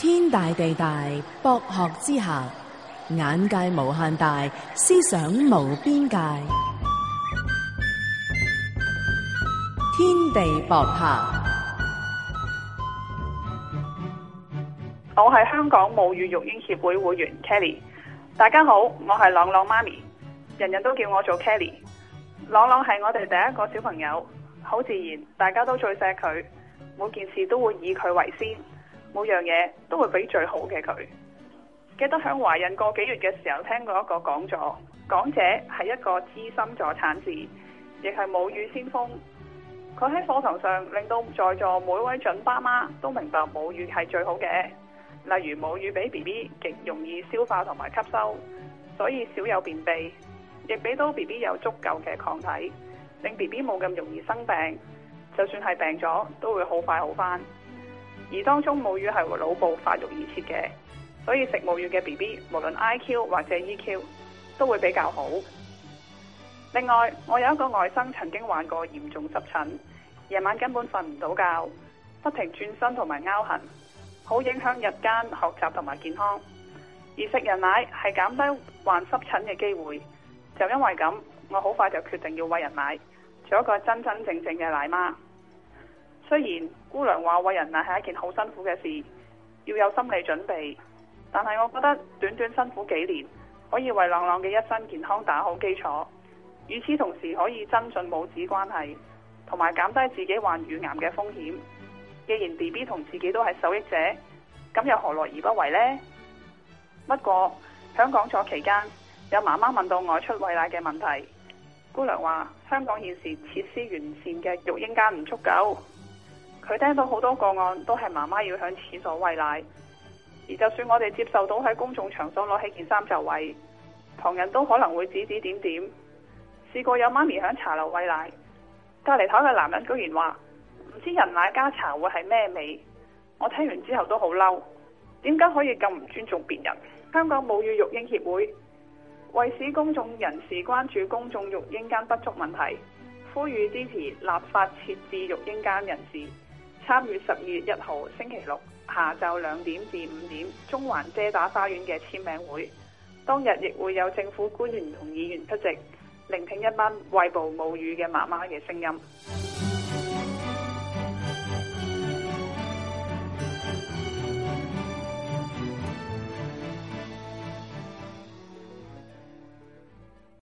天大地大，博學之下，眼界無限大，思想無邊界。天地博客，我係香港母乳育嬰協會會員 Kelly。大家好，我係朗朗媽咪，人人都叫我做 Kelly。朗朗係我哋第一個小朋友，好自然，大家都最錫佢，每件事都會以佢為先。每樣嘢都會俾最好嘅佢。記得喺懷孕個幾月嘅時候聽過一個講座，講者係一個資深助產士，亦係母乳先鋒。佢喺課堂上令到在座每位準爸媽都明白母乳係最好嘅。例如母乳俾 B B 極容易消化同埋吸收，所以少有便秘，亦俾到 B B 有足夠嘅抗體，令 B B 冇咁容易生病。就算係病咗，都會好快好翻。而當中母乳係腦部發育而設嘅，所以食母乳嘅 BB 無論 IQ 或者 EQ 都會比較好。另外，我有一個外甥曾經患過嚴重濕疹，夜晚根本瞓唔到覺，不停轉身同埋拗痕，好影響日間學習同埋健康。而食人奶係減低患濕疹嘅機會，就因為咁，我好快就決定要餵人奶，做一個真真正正嘅奶媽。雖然姑娘話餵人奶係一件好辛苦嘅事，要有心理準備，但係我覺得短短辛苦幾年，可以為朗朗嘅一生健康打好基礎。與此同時，可以增進母子關係，同埋減低自己患乳癌嘅風險。既然 B B 同自己都係受益者，咁又何樂而不為呢？不過喺講座期間，有媽媽問到外出餵奶嘅問題。姑娘話香港現時設施完善嘅育嬰間唔足夠。佢聽到好多個案都係媽媽要喺廁所餵奶，而就算我哋接受到喺公眾場所攞起件衫就餵，旁人都可能會指指點點。試過有媽咪喺茶樓餵奶，隔離台嘅男人居然話唔知人奶加茶會係咩味，我聽完之後都好嬲，點解可以咁唔尊重別人？香港母乳育嬰協會為使公眾人士關注公眾育嬰間不足問題，呼籲支持立法設置育嬰間人士。參與十二月一號星期六下晝兩點至五點中環遮打花園嘅簽名會，當日亦會有政府官員同議員出席，聆聽一班餵哺母乳嘅媽媽嘅聲音。